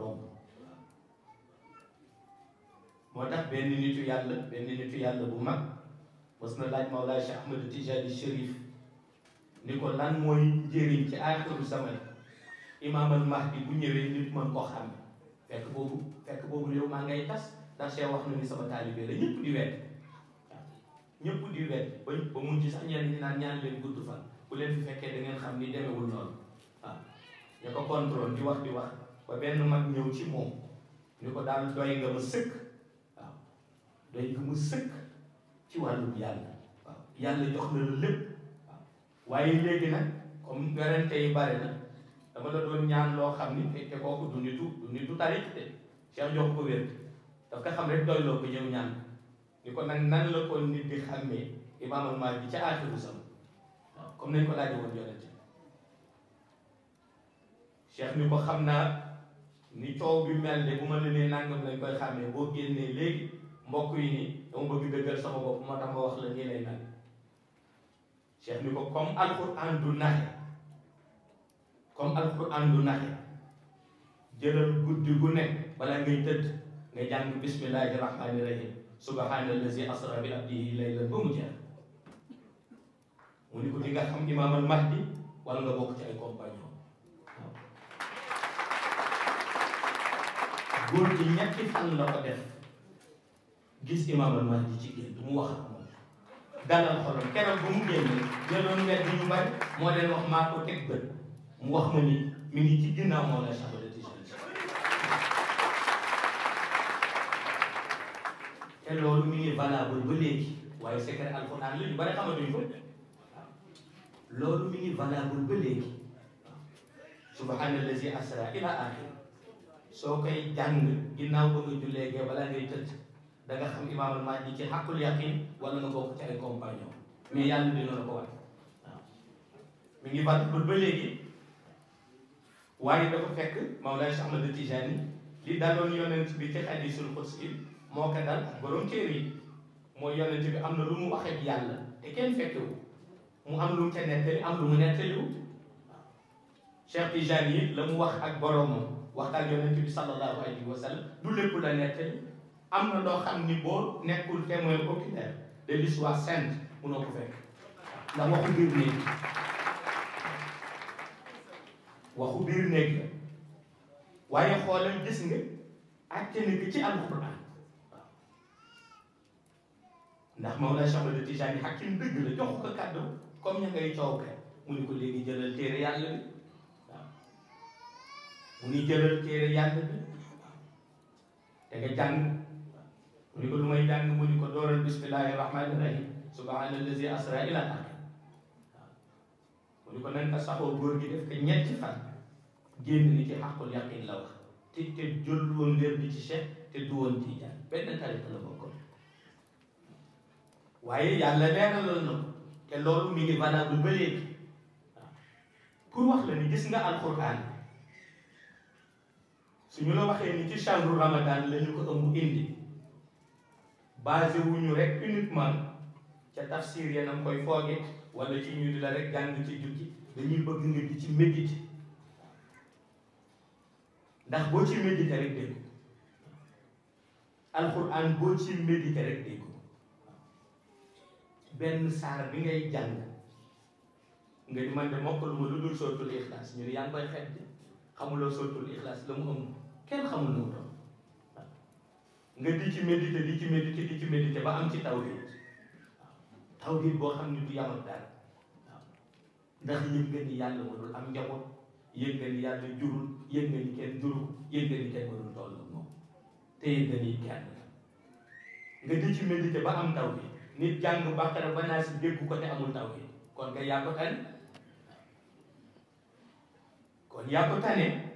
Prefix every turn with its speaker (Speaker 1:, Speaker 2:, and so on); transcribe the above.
Speaker 1: romb moo tax benn nitu yàlla yàlla bu mag mos na laaj Mawlaay Cheikh Ahmadou Tijani Chérif ni ko lan mooy njëriñ ci aaxiru zaman imaam al mahdi bu ñëwee nit mën ko xam fekk boobu fekk boobu réew maa ngay tas ndax Cheikh wax na ni sama taalibe la ñëpp di wedd ñëpp di wedd ñi naan ñaan leen gudd fan bu leen fi fekkee da ngeen xam ni demewul noonu waaw ña di wax di wax ba benn mag ñëw ci moom ñu ko daal doy nga ma sëkk doy nga ma sëkk ci wàllu yàlla waaw yàlla jox na la lépp waaye léegi nag comme werante yi bari na dama la doon ñaan loo xam ni te te kooku du nitu du nitu tarix te Cheikh jox ko wér daf ko xam rek doy loo ko ñëw ñaan ni ko nag nan la ko nit di xàmmee imaamul maaj bi ca aaxiru sam waaw comme nañ ko laaj woon yonente Cheikh ni ko xam naa ni coow bi mel ne bu ma ne nangam lañ koy xàmmee boo génnee léegi mbokk yi nii dama bëgg dëggal sama bopp moo tax ma wax la nii lay mel cheikh ni ko comme alquran du naxe comme alquran du naxe jëlal guddi gu nekk bala ngay tëdd nga jàng bismillahi rahmani rahim subhanallazi asra bi abdihi laylan ba mu jeex mu ni ko di nga xam imaamal mahdi wala nga bokk ci góor gi ñetti fan la ko def gis imaamal Mahdi ci génn mu wax ak moom dalal xolam keroog bu mu génne jëloon wet bi ñu bari moo leen wax maa ko mu wax ma ni mi ngi ci ginnaaw moo la Cheikh de Tijani te loolu mi ngi valable ba léegi waaye secret alxuraan la ñu bari xamatuñu ko loolu mi ngi valable ba léegi subhaanallazi asra ila axir soo koy jàng ginnaaw ba nga jullee gee balaa ngay tëdd da nga xam imaamal maaj bi ci xàqul yaqin wala nga bokk ci ay compagnon mais yàlla dina la ko wat waaw mi ngi bàtt pour ba léegi waaye dafa fekk Mawlaay Cheikh Ahmad Tijaani li daloon yonent bi ci xadiisul xudsi moo ko dal ak borom téere yi mooy yonent bi am na lu mu wax ak yàlla te kenn fekkewu mu am lu mu ca nettali am lu mu nettaliwu Cheikh Tijaani yi la mu wax ak boromam waxtaan yonent bi sallallahu alayhi wa sallam du lépp la nettali am na loo xam ni boo nekkul témoin oculaire de l'histoire sainte munoo ko fekk ndax waxu biir néeg waxu biir néeg la waaye xoolal gis nga ak kenn ci alxuraan ndax Mawlana Cheikh Ahmad Tijani Hakim dëgg la jox ko kàddu comme ña ngay coow mu ne ko léegi jëlal téere yàlla bi mu ngi jëlal téere yàlla bi da nga jàng mu ni ko lu may jàng mu ni ko dooral bismillahi rahmani rahim subhaana allazi asra ila ardi mu ni ko nan ka saxoo góor gi def ni ci xaqul yaqin la wax te te jël woon léer ci cheikh te du woon ci jàng benn tariqa la bokkoon waaye yàlla leeralal na ko te loolu mi ngi valable ba léegi la ni gis nga alquran suñu la waxee ni ci chahru ramadan la ñu ko ëmb indi basé wuñu rek uniquement ca tafsir ya nam koy fooge wala ci ñu di la rek jàng ci jukki dañuy bëgg nga di ci méditer ndax boo ci méditer rek dégg alxuraan boo ci méditer rek benn saar bi ngay jàng nga ni man de mokkal ma lu dul sootul ixlaas ñu ne yaa ngi koy xet xamuloo sootul ixlaas la mu ëmb kenn xamul nu mu toll nga di ci méditer di ci méditer di ci méditer ba am ci tawhid tawhid boo xam ne du yamal dara waaw ndax yëg nga ni yàlla mënul am njaboot yëg nga ni yàlla jurul yëg nga ni kenn jurul yëg nga ni kenn mënul toll moom te yëg nga ni kenn nga di ci méditer ba am tawhid nit jàng bàqara ba naa si dégg ko te amul tawhid kon nga yaa ko tane kon yaa ko